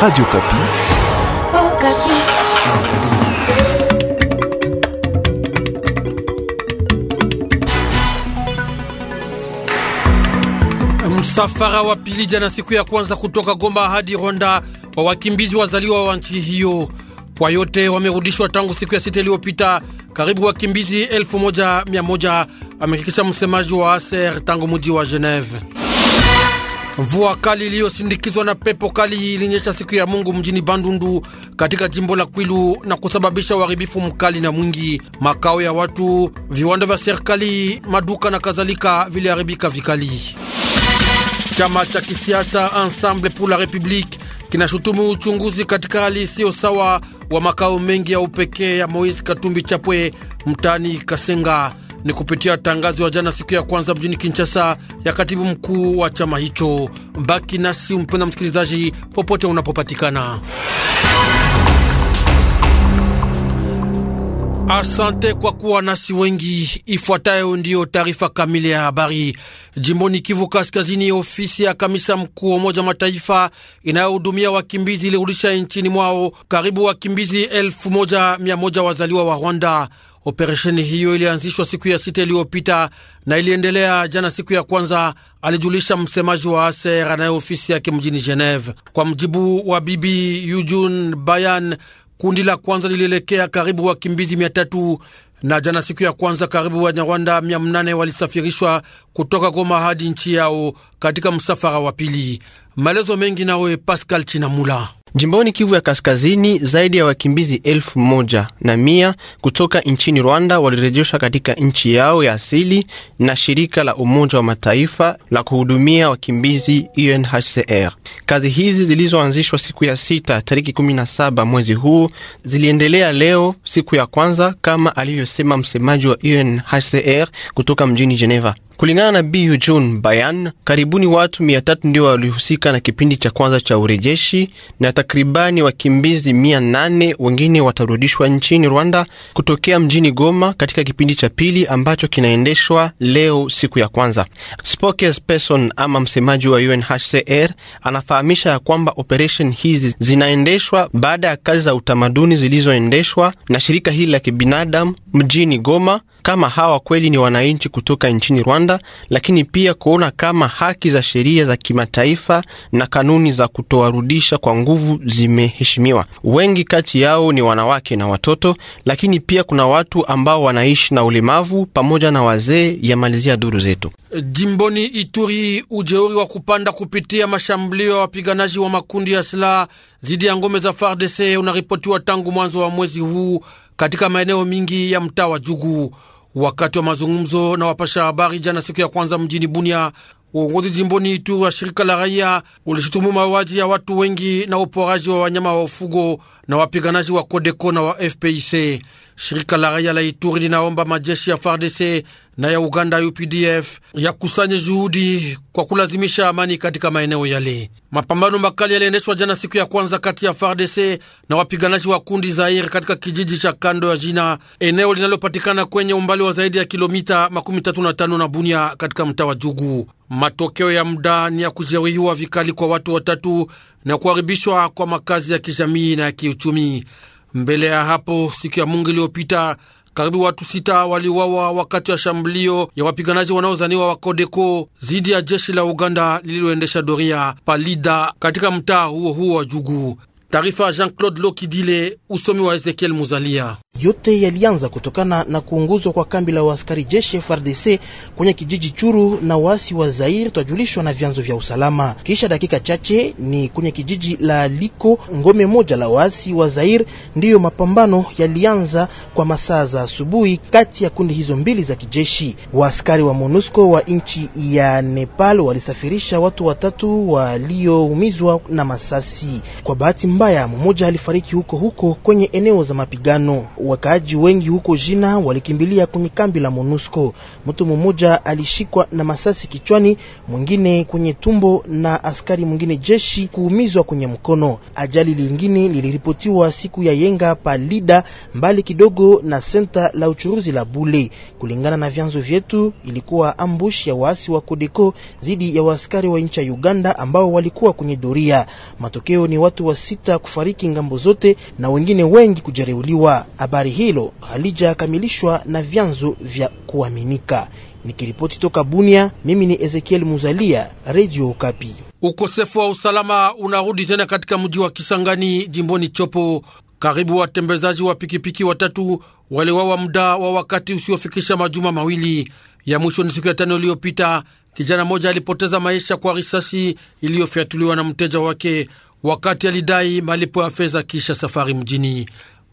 Radio Kapi. Oh, Kapi. Msafara wa pili jana siku ya kwanza kutoka Goma hadi Rwanda wa wakimbizi wazaliwa wa nchi hiyo. Kwa yote wamerudishwa tangu siku ya sita iliyopita, karibu wakimbizi 1100 amekikisha amehakikisha msemaji wa ASER tangu mji wa Geneve. Mvua kali iliyosindikizwa na pepo kali ilinyesha siku ya Mungu mjini Bandundu katika jimbo la Kwilu na kusababisha uharibifu mkali na mwingi. Makao ya watu, viwanda vya serikali, maduka na kadhalika viliharibika vikali. Chama cha kisiasa Ensemble pour la République kinashutumu uchunguzi katika hali isiyo sawa wa makao mengi ya upekee ya Moise Katumbi Chapwe mtaani Kasenga ni kupitia tangazo ya jana siku ya kwanza mjini Kinshasa ya katibu mkuu wa chama hicho. Baki nasi mpenda msikilizaji, popote unapopatikana. Asante kwa kuwa nasi wengi. Ifuatayo ndiyo taarifa kamili ya habari. Jimboni Kivu Kaskazini, ofisi ya kamisa mkuu wa Umoja Mataifa inayohudumia wakimbizi ilirudisha nchini mwao karibu wakimbizi elfu moja mia moja wazaliwa wa Rwanda. Operesheni hiyo ilianzishwa siku ya sita iliyopita na iliendelea jana siku ya kwanza, alijulisha msemaji wa ASER anaye ofisi yake mjini Geneve. Kwa mjibu wa Bibi Yujun Bayan, kundi la kwanza lilielekea karibu wakimbizi mia tatu na jana siku ya kwanza karibu Wanyarwanda mia mnane walisafirishwa kutoka Goma hadi nchi yao katika msafara wa pili. Maelezo mengi nawe Pascal Chinamula. Jimboni Kivu ya Kaskazini, zaidi ya wakimbizi elfu moja na mia kutoka nchini Rwanda walirejeshwa katika nchi yao ya asili na shirika la Umoja wa Mataifa la kuhudumia wakimbizi UNHCR. Kazi hizi zilizoanzishwa siku ya sita tariki 17 mwezi huu ziliendelea leo siku ya kwanza, kama alivyosema msemaji wa UNHCR kutoka mjini Geneva. Kulingana na Bu Jun Bayan, karibuni watu mia tatu ndio walihusika na kipindi cha kwanza cha urejeshi na takribani wakimbizi mia nane wengine watarudishwa nchini Rwanda kutokea mjini Goma katika kipindi cha pili ambacho kinaendeshwa leo siku ya kwanza. Spokesperson ama msemaji wa UNHCR anafahamisha ya kwamba operesheni hizi zinaendeshwa baada ya kazi za utamaduni zilizoendeshwa na shirika hili la kibinadamu mjini Goma kama hawa kweli ni wananchi kutoka nchini Rwanda, lakini pia kuona kama haki za sheria za kimataifa na kanuni za kutowarudisha kwa nguvu zimeheshimiwa. Wengi kati yao ni wanawake na watoto, lakini pia kuna watu ambao wanaishi na ulemavu pamoja na wazee, yamalizia duru zetu jimboni Ituri. Ujeuri wa kupanda kupitia mashambulio ya wapiganaji wa makundi ya silaha dhidi ya ngome za FARDC unaripotiwa tangu mwanzo wa mwezi huu katika maeneo mingi ya mtaa wa Jugu. Wakati wa mazungumzo na wapasha habari jana siku ya kwanza mjini Bunia, uongozi jimboni Ituri wa shirika la raia ulishutumu mauaji ya watu wengi na uporaji wa wanyama wa ufugo na wapiganaji wa Kodeko na wa FPIC. Shirika la raia la Ituri linaomba majeshi ya FARDC na ya Uganda UPDF ya kusanya juhudi kwa kulazimisha amani katika maeneo yale. Mapambano makali yaliendeshwa jana siku ya kwanza kati ya FARDC na wapiganaji wa kundi Zaire katika kijiji cha kando ya jina, eneo linalopatikana kwenye umbali wa zaidi ya kilomita 35 na bunya na Bunia katika mtaa wa Jugu. Matokeo ya muda ni ya kujeruhiwa vikali kwa watu watatu na kuharibishwa kwa makazi ya kijamii na ya kiuchumi. Mbele ya hapo, siku ya Mungu iliyopita karibu watu sita waliwawa wakati wa shambulio ya wapiganaji wanaozaniwa wa Kodeko zidi ya jeshi la Uganda lililoendesha doria palida katika mtaa huo huo wa Jugu. Taarifa ya Jean-Claude Lokidile, usomi wa Ezekiel Muzalia. Yote yalianza kutokana na kuunguzwa kwa kambi la waaskari jeshi FRDC kwenye kijiji Churu na waasi wa Zaire, twajulishwa na vyanzo vya usalama. Kisha dakika chache ni kwenye kijiji la Liko, ngome moja la waasi wa Zaire, ndiyo mapambano yalianza kwa masaa za asubuhi kati ya kundi hizo mbili za kijeshi. Waaskari wa MONUSCO wa nchi ya Nepal walisafirisha watu watatu walioumizwa na masasi. Kwa bahati mbaya, mmoja alifariki huko huko kwenye eneo za mapigano. Wakaaji wengi huko Jina walikimbilia kwenye kambi la MONUSCO. Mtu mmoja alishikwa na masasi kichwani, mwingine kwenye tumbo na askari mwingine jeshi kuumizwa kwenye mkono. Ajali lingine liliripotiwa siku ya Yenga palida mbali kidogo na senta la uchuruzi la Bule. Kulingana na vyanzo vyetu, ilikuwa ambush ya waasi wa Kodeko dhidi ya waaskari wa nchi ya Uganda ambao walikuwa kwenye doria. Matokeo ni watu wa sita sita kufariki ngambo zote na wengine wengi kujeruhiwa. Habari hilo halijakamilishwa na vyanzo vya kuaminika. Nikiripoti toka Bunia, mimi ni Ezekiel Muzalia, Radio Okapi. Ukosefu wa usalama unarudi tena katika mji wa Kisangani jimboni Chopo. Karibu watembezaji wa pikipiki watatu waliwawa muda wa wakati usiofikisha majuma mawili. Ya mwisho ni siku ya tano iliyopita, kijana mmoja alipoteza maisha kwa risasi iliyofyatuliwa na mteja wake wakati alidai malipo ya fedha kisha safari mjini.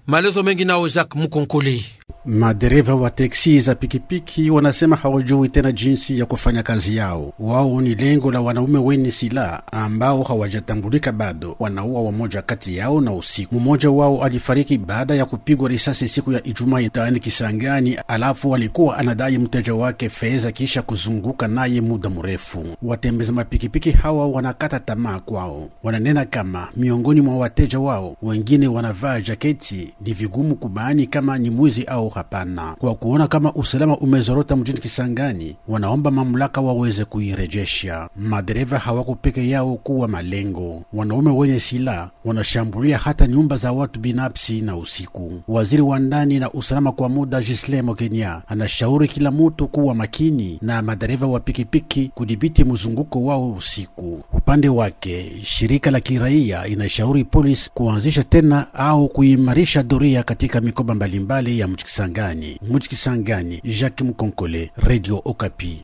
Maelezo mengi nao Jacques Mukonkoli. Madereva wa teksi za pikipiki wanasema hawajui tena jinsi ya kufanya kazi yao. Wao ni lengo la wanaume wenye silaha ambao hawajatambulika bado, wanaua wamoja kati yao na usiku. Mmoja wao alifariki baada ya kupigwa risasi siku ya Ijumaa mtaani Kisangani, alafu alikuwa anadai mteja wake fedha kisha kuzunguka naye muda mrefu. Watembeza mapikipiki hawa wanakata tamaa kwao, wananena kama miongoni mwa wateja wao wengine wanavaa jaketi, ni vigumu kubaini kama ni mwizi au hapana. Kwa kuona kama usalama umezorota mjini Kisangani, wanaomba mamlaka waweze kuirejesha. Madereva hawako peke yao kuwa malengo, wanaume wenye silaha wanashambulia hata nyumba za watu binafsi na usiku. Waziri wa ndani na usalama kwa muda Gislemo Mokenya anashauri kila mtu kuwa makini na madereva wa pikipiki kudhibiti mzunguko wao usiku. Upande wake, shirika la kiraia inashauri polisi kuanzisha tena au kuimarisha doria katika mikoba mbalimbali ya mji Kisangani, Mouti Kisangani, Jacques Mkonkole, Radio Okapi.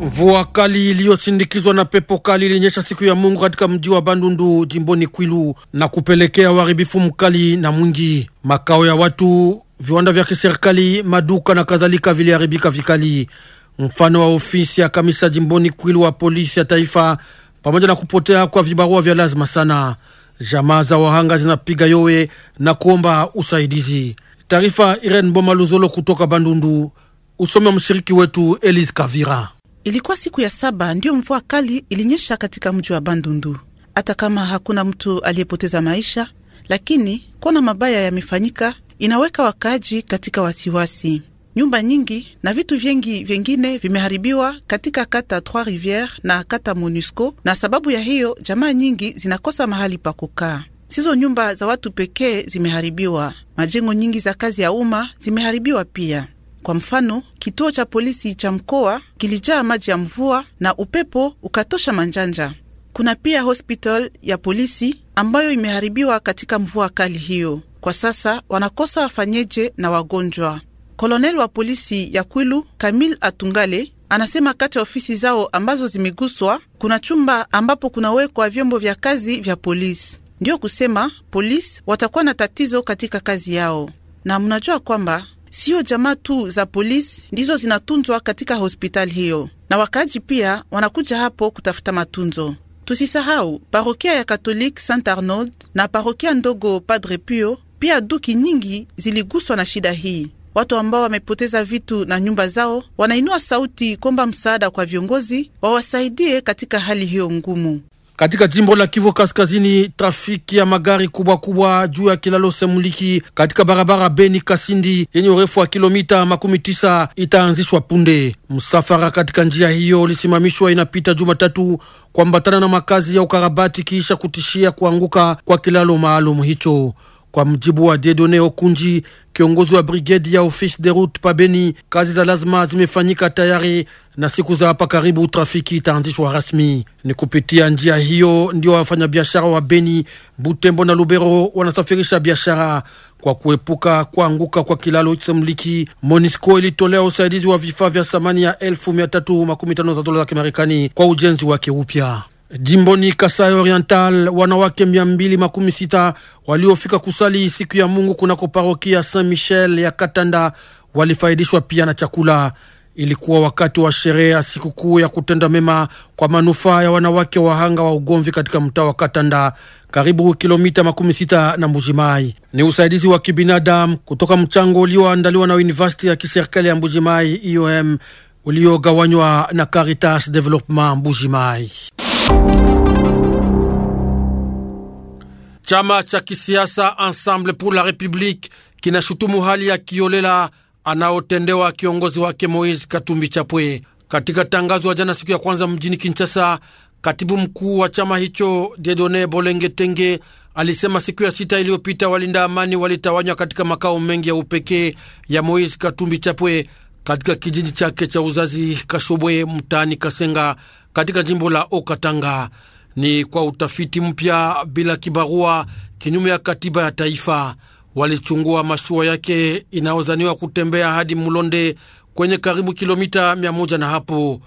Mvua kali iliyosindikizwa na pepo kali ilinyesha siku ya Mungu katika mji wa Bandundu jimboni Kwilu na kupelekea uharibifu mkali na mwingi. Makao ya watu, viwanda vya kiserikali, maduka na kadhalika viliharibika vikali. Mfano wa ofisi ya kamisa jimboni Kwilu wa polisi ya taifa pamoja na kupotea kwa vibarua vya lazima sana. Jamaa za wahanga zinapiga yowe na kuomba usaidizi. Taarifa Irene Boma Luzolo kutoka Bandundu, usome wa mshiriki wetu Elise Kavira. Ilikuwa siku ya saba ndiyo mvua kali ilinyesha katika mji wa Bandundu. Hata kama hakuna mtu aliyepoteza maisha, lakini kona mabaya yamefanyika, inaweka wakaaji katika wasiwasi nyumba nyingi na vitu vyengi vyengine vimeharibiwa katika kata Trois Rivières na kata Monusco, na sababu ya hiyo jamaa nyingi zinakosa mahali pa kukaa. Sizo nyumba za watu pekee zimeharibiwa, majengo nyingi za kazi ya umma zimeharibiwa pia. Kwa mfano, kituo cha polisi cha mkoa kilijaa maji ya mvua na upepo ukatosha manjanja. Kuna pia hospital ya polisi ambayo imeharibiwa katika mvua kali hiyo. Kwa sasa wanakosa wafanyeje na wagonjwa kolonel wa polisi ya Kwilu Kamil Atungale anasema kati ya ofisi zao ambazo zimeguswa kuna chumba ambapo kunawekwa vyombo vya kazi vya polisi. Ndiyo kusema polisi watakuwa na tatizo katika kazi yao, na mnajua kwamba siyo jamaa tu za polisi ndizo zinatunzwa katika hospitali hiyo, na wakaaji pia wanakuja hapo kutafuta matunzo. Tusisahau parokia ya Katolike Saint Arnold na parokia ndogo Padre Pio, pia duki nyingi ziliguswa na shida hii watu ambao wamepoteza vitu na nyumba zao wanainua sauti kuomba msaada kwa viongozi wawasaidie katika hali hiyo ngumu. Katika jimbo la Kivu Kaskazini, trafiki ya magari kubwa kubwa juu ya kilalo Semuliki katika barabara Beni Kasindi yenye urefu wa kilomita makumi tisa itaanzishwa punde. Msafara katika njia hiyo ulisimamishwa inapita Jumatatu kuambatana na makazi ya ukarabati kiisha kutishia kuanguka kwa kilalo maalum hicho. Kwa mjibu wa Dedone Okunji, kiongozi wa brigedi ya office de route pabeni, kazi za lazima zimefanyika tayari na siku za hapa karibu trafiki itaanzishwa rasmi. Ni kupitia njia hiyo ndio wafanyabiashara wa Beni, Butembo na Lubero wanasafirisha biashara. Kwa kuepuka kuanguka kwa kilalo cha Mliki, Monisco ilitolea usaidizi wa vifaa vya thamani ya elfu mia tatu makumi tano za dola za Kimarekani kwa ujenzi wake upya. Jimboni Kasai Oriental, wanawake mia mbili makumi sita waliofika kusali siku ya Mungu kunako parokia Saint Michel ya Katanda walifaidishwa pia na chakula. Ilikuwa wakati wa sherehe ya sikukuu ya kutenda mema kwa manufaa ya wanawake wahanga wa ugomvi katika mtaa wa Katanda, karibu kilomita makumi sita na Mbujimai. Ni usaidizi wa kibinadamu kutoka mchango ulioandaliwa na University ya kiserikali ya Mbujimai IOM uliogawanywa na Caritas Development Mbujimai. Chama cha kisiasa Ensemble pour la République kinashutumu hali ya kiolela anaotendewa kiongozi wake Moise Katumbi Chapwe. Katika tangazo ya jana siku ya kwanza mjini Kinshasa, katibu mkuu wa chama hicho Dedone Bolenge Tenge alisema siku ya sita iliyopita walinda amani walitawanywa katika makao mengi ya upekee ya Moise Katumbi Chapwe katika kijiji chake cha uzazi Kashobwe mtaani Kasenga katika jimbo la Okatanga ni kwa utafiti mpya bila kibarua kinyume ya katiba ya taifa. Walichungua mashua yake inayozaniwa kutembea hadi Mulonde kwenye karibu kilomita mia moja na hapo.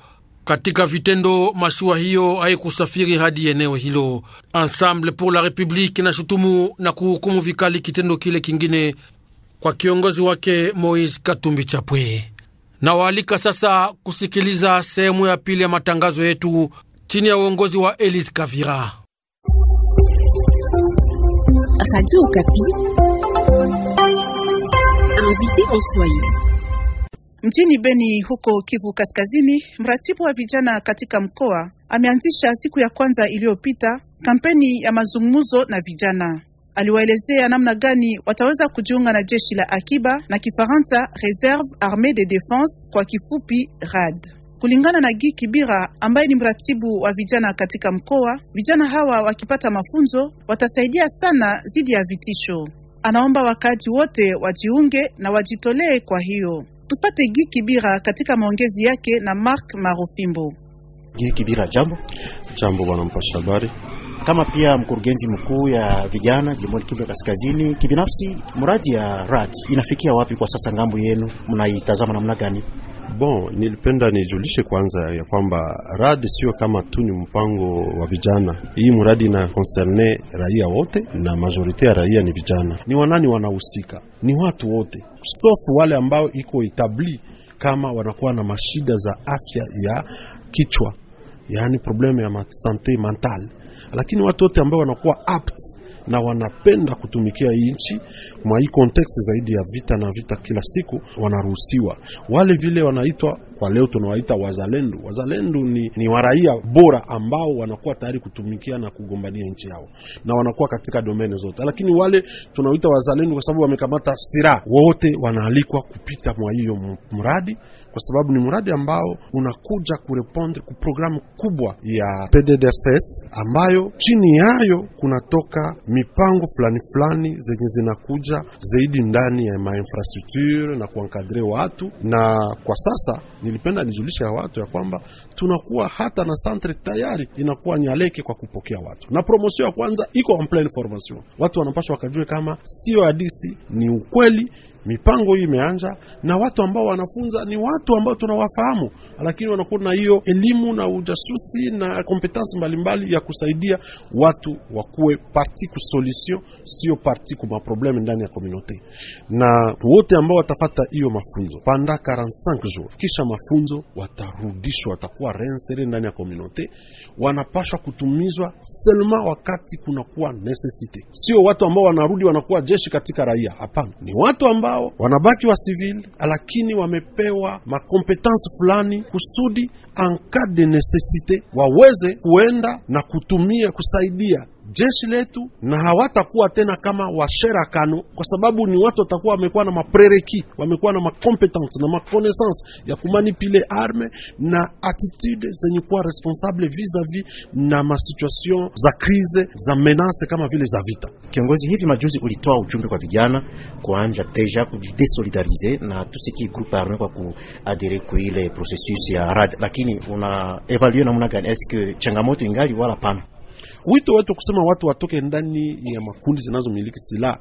Katika vitendo, mashua hiyo haikusafiri hadi eneo hilo. Ensemble pour la Republique inashutumu na kuhukumu vikali kitendo kile kingine kwa kiongozi wake Moise Katumbi Chapwe. Nawaalika sasa kusikiliza sehemu ya pili ya matangazo yetu chini ya uongozi wa Elise Kavira. Mjini Beni huko Kivu Kaskazini, mratibu wa vijana katika mkoa ameanzisha siku ya kwanza iliyopita kampeni ya mazungumzo na vijana aliwaelezea namna gani wataweza kujiunga na jeshi la akiba na Kifaransa Reserve Armee de Defense kwa kifupi RAD. Kulingana na gi Kibira ambaye ni mratibu wa vijana katika mkoa, vijana hawa wakipata mafunzo watasaidia sana dhidi ya vitisho. Anaomba wakaaji wote wajiunge na wajitolee. Kwa hiyo tufate gi Kibira katika maongezi yake na Mark Marofimbo. Guy Kibira, jambo. Jambo bwana mpasha habari kama pia mkurugenzi mkuu ya vijana jimboni Kivu ya Kaskazini. Kibinafsi, mradi ya RAD inafikia wapi kwa sasa? Ngambo yenu mnaitazama namna gani? Bon, nilipenda nijulishe kwanza ya kwamba RAD sio kama tu ni mpango wa vijana. Hii mradi ina koncerne raia wote, na majorite ya raia ni vijana. Ni wanani wanahusika? Ni watu wote, sof wale ambao iko etabli kama wanakuwa na mashida za afya ya kichwa, yaani probleme ya sante mentale lakini watu wote ambao wanakuwa apt na wanapenda kutumikia hii nchi mwa hii konteksti zaidi ya vita na vita kila siku, wanaruhusiwa wale vile wanaitwa kwa leo tunawaita wazalendo. Wazalendo ni, ni waraia bora ambao wanakuwa tayari kutumikia na kugombania nchi yao na wanakuwa katika domeni zote, lakini wale tunawaita wazalendo kwa sababu wamekamata silaha, wote wanaalikwa kupita mwa hiyo mradi, kwa sababu ni mradi ambao unakuja kurepondre ku programu kubwa ya PDDRCS ambayo chini yayo kunatoka mipango fulani fulani zenye zinakuja zaidi ndani ya mainfrastructure na kuankadre watu na kwa sasa nilipenda nijulishe ya watu ya kwamba tunakuwa hata na centre tayari inakuwa Nyaleke kwa kupokea watu, na promosio ya kwanza iko en pleine formation. Watu wanapaswa wakajue kama sio hadisi, ni ukweli Mipango hii imeanza na watu ambao wanafunza ni watu ambao tunawafahamu, lakini wanakuwa na hiyo elimu na ujasusi na kompetensi mbalimbali ya kusaidia watu wakuwe parti ku solution, sio parti ku maprobleme ndani ya komunote. Na wote ambao watafata hiyo mafunzo panda 45 jours, kisha mafunzo watarudishwa, watakuwa reinsere ndani ya komunote. Wanapashwa kutumizwa selma wakati kunakuwa necessity, sio watu ambao wanarudi wanakuwa jeshi katika raia. Hapana, ni watu ambao ambao wanabaki wa civil, lakini wamepewa makompetence fulani kusudi en cas de necessite waweze kuenda na kutumia kusaidia jeshi letu, na hawatakuwa tena kama washera kano, kwa sababu ni watu watakuwa wamekuwa na maprereki, wamekuwa na macompetence na makonaissance ya kumanipile arme na attitude zenye kuwa responsable vis-a-vis na masituation za krize za menace kama vile za vita. Kiongozi, hivi majuzi ulitoa ujumbe kwa vijana kuanja deja kujidesolidarize na tusiki groupe arme kwa kuadere kuile processus ya rad, lakini una evalue namna gani? Eske changamoto ingali wala pana? wito wetu kusema watu watoke ndani ya makundi zinazomiliki silaha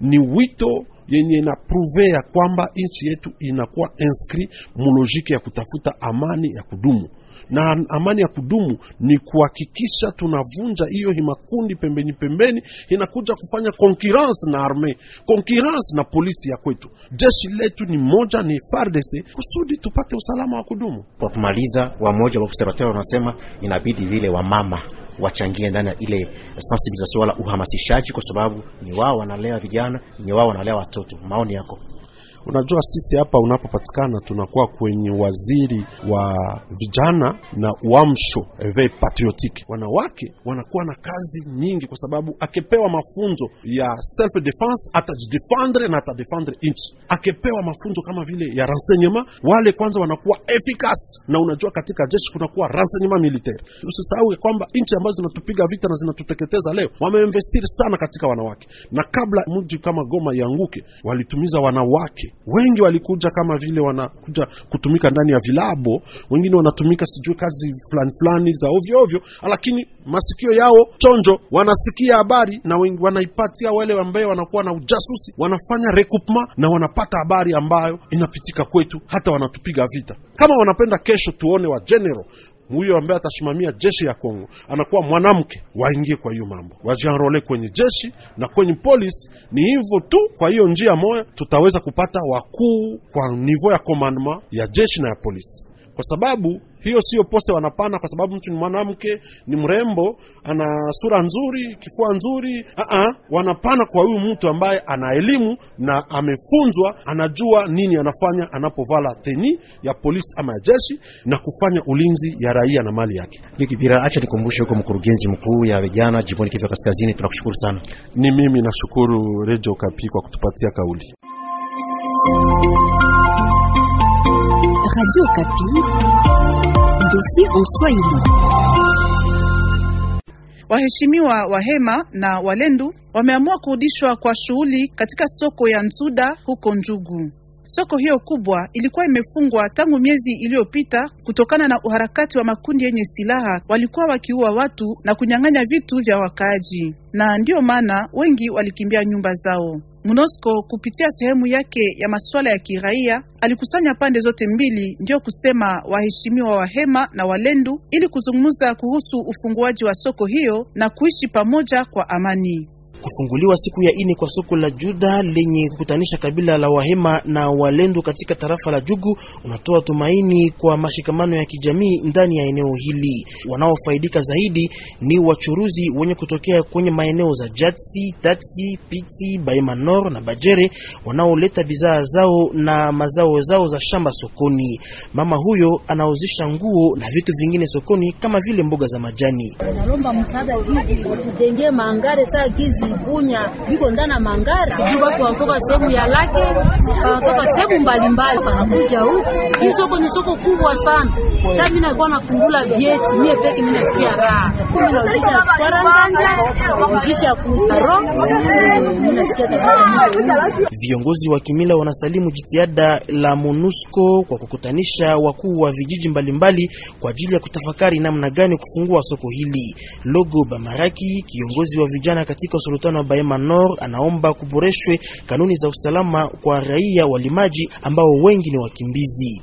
ni wito yenye inapruve ya kwamba nchi yetu inakuwa inscrit mulojiki ya kutafuta amani ya kudumu na amani ya kudumu ni kuhakikisha tunavunja hiyo himakundi pembeni pembeni, inakuja kufanya konkurence na arme, konkurence na polisi ya kwetu. Jeshi letu ni moja, ni FARDC kusudi tupate usalama wa kudumu. Kwa kumaliza, wamoja wa observateur wanasema inabidi vile wamama wachangie ndani ya ile sensibilisation wala uhamasishaji, kwa sababu ni wao wanalea vijana, ni wao wanalea watoto. Maoni yako? Unajua, sisi hapa unapopatikana tunakuwa kwenye waziri wa vijana na uamsho eveil patriotique. Wanawake wanakuwa na kazi nyingi, kwa sababu akipewa mafunzo ya self defense atajidefendre na atadefendre nchi. Akipewa mafunzo kama vile ya renseignement, wale kwanza wanakuwa efikasi, na unajua katika jeshi kunakuwa renseignement militaire. Usisahau kwamba nchi ambazo zinatupiga vita na zinatuteketeza leo wameinvestiri sana katika wanawake, na kabla mji kama Goma ianguke walitumiza wanawake wengi walikuja kama vile wanakuja kutumika ndani ya vilabo, wengine wanatumika sijui kazi fulani fulani za ovyo ovyo, lakini masikio yao chonjo, wanasikia habari na wengi wanaipatia wale ambaye wanakuwa na ujasusi, wanafanya recoupment na wanapata habari ambayo inapitika kwetu, hata wanatupiga vita. Kama wanapenda kesho tuone wa general huyo ambaye atasimamia jeshi ya Kongo anakuwa mwanamke, waingie kwa hiyo mambo, wajianrole kwenye jeshi na kwenye polisi. Ni hivyo tu. Kwa hiyo njia moja tutaweza kupata wakuu kwa nivo ya commandement ya jeshi na ya polisi kwa sababu hiyo sio pose wanapana kwa sababu mtu ni mwanamke, ni mrembo, ana sura nzuri, kifua nzuri. A-a, wanapana kwa huyu mtu ambaye ana elimu na amefunzwa, anajua nini anafanya anapovala teni ya polisi ama ya jeshi na kufanya ulinzi ya raia na mali yake. Nikibira, acha nikumbushe huko mkurugenzi mkuu ya vijana jimboni kivyo Kaskazini, tunakushukuru sana. Ni mimi nashukuru rejo Kapi kwa kutupatia kauli Radio Kapi, dossier en Swahili. Waheshimiwa Wahema na Walendu wameamua kurudishwa kwa shughuli katika soko ya Nzuda huko Njugu. Soko hiyo kubwa ilikuwa imefungwa tangu miezi iliyopita kutokana na uharakati wa makundi yenye silaha walikuwa wakiua watu na kunyang'anya vitu vya wakaaji, na ndiyo maana wengi walikimbia nyumba zao. MONUSCO kupitia sehemu yake ya masuala ya kiraia alikusanya pande zote mbili, ndiyo kusema waheshimiwa Wahema na Walendu, ili kuzungumza kuhusu ufunguaji wa soko hiyo na kuishi pamoja kwa amani. Kufunguliwa siku ya ine kwa soko la Juda lenye kukutanisha kabila la Wahema na Walendu katika tarafa la Jugu unatoa tumaini kwa mashikamano ya kijamii ndani ya eneo hili. Wanaofaidika zaidi ni wachuruzi wenye kutokea kwenye maeneo za Jatsi, Tatsi, Piti, Baimanor na Bajere wanaoleta bidhaa zao na mazao zao za shamba sokoni. Mama huyo anauzisha nguo na vitu vingine sokoni kama vile mboga za majani. Nalomba msaada hivi watujengee maangare saa kizi kubunya biko ndana mangara juu watu wanatoka sehemu ya lake wanatoka sehemu mbalimbali wanakuja huku. Hii soko ni soko kubwa sana. Sasa mimi nakuwa nafungula vieti mie peke, mimi nasikia raha, mimi nauzisha kwa nganja, nauzisha kutaro, mimi nasikia kabisa. Viongozi wa kimila wanasalimu jitihada la MONUSCO kwa kukutanisha wakuu wa vijiji mbalimbali mbali kwa ajili ya kutafakari namna gani kufungua soko hili. Logo Bamaraki, kiongozi wa vijana katika mkutano wa Bahema Nord anaomba kuboreshwe kanuni za usalama kwa raia walimaji ambao wengi ni wakimbizi.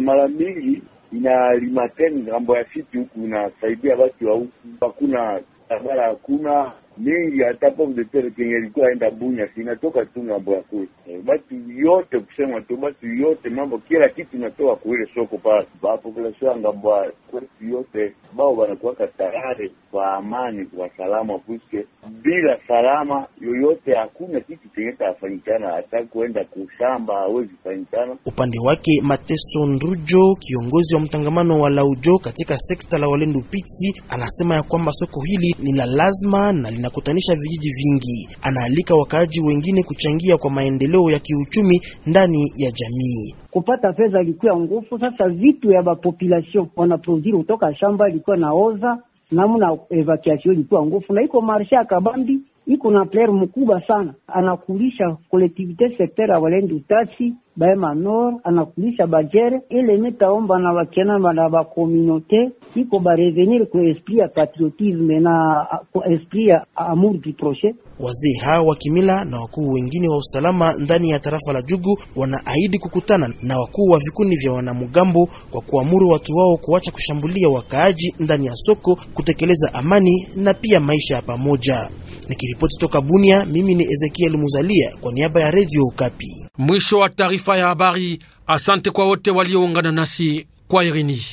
Mara mingi inalimateni ngambo ya siti huku inasaidia watu wa huku, hakuna barabara, hakuna mingi hata po de kenye likuwa aenda Bunya sinatoka tu ngambo ya kwetu. Eh, batu yote kusema tu, batu yote mambo, kila kitu inatoka kuile soko pale. Bapopulasio ya ngambo ya kwetu yote bao wanakuwaka tayari kwa amani, kwa salama, puisque bila salama yoyote hakuna kitu chenye tafanyikana, hata kuenda kushamba hawezi fanyikana. Upande wake Mateso Ndrujo, kiongozi wa mtangamano wa Laujo katika sekta la Walendu Pitsi, anasema ya kwamba soko hili ni la lazima na linakutanisha vijiji vingi. Anaalika wakaaji wengine kuchangia kwa maendeleo ya kiuchumi ndani ya jamii. Kupata fedha ilikuwa nguvu, sasa vitu ya bapopulation wanaproduire kutoka shamba ilikuwa naoza namna evacuation ilikuwa nguvu, na iko marshe ya Kabambi iko na player mkubwa sana, anakulisha collectivite secteur ya Walendu Tasi baema manor anakulisha bajere ile nitaomba na bakena na bakominote iko barevenir ku esprit ya patriotisme na ku esprit ya amour du projet. Wazee hawa wa kimila na wakuu wengine wa usalama ndani ya tarafa la Jugu wanaahidi kukutana na wakuu wa vikundi vya wanamugambo kwa kuamuru watu wao kuacha kushambulia wakaaji ndani ya soko, kutekeleza amani na pia maisha ya pamoja. Nikiripoti toka Bunia, mimi ni Ezekiel Muzalia kwa niaba ya Radio Okapi. Mwisho wa taarifa taarifa ya habari. Asante kwa wote walioungana nasi kwa Irini.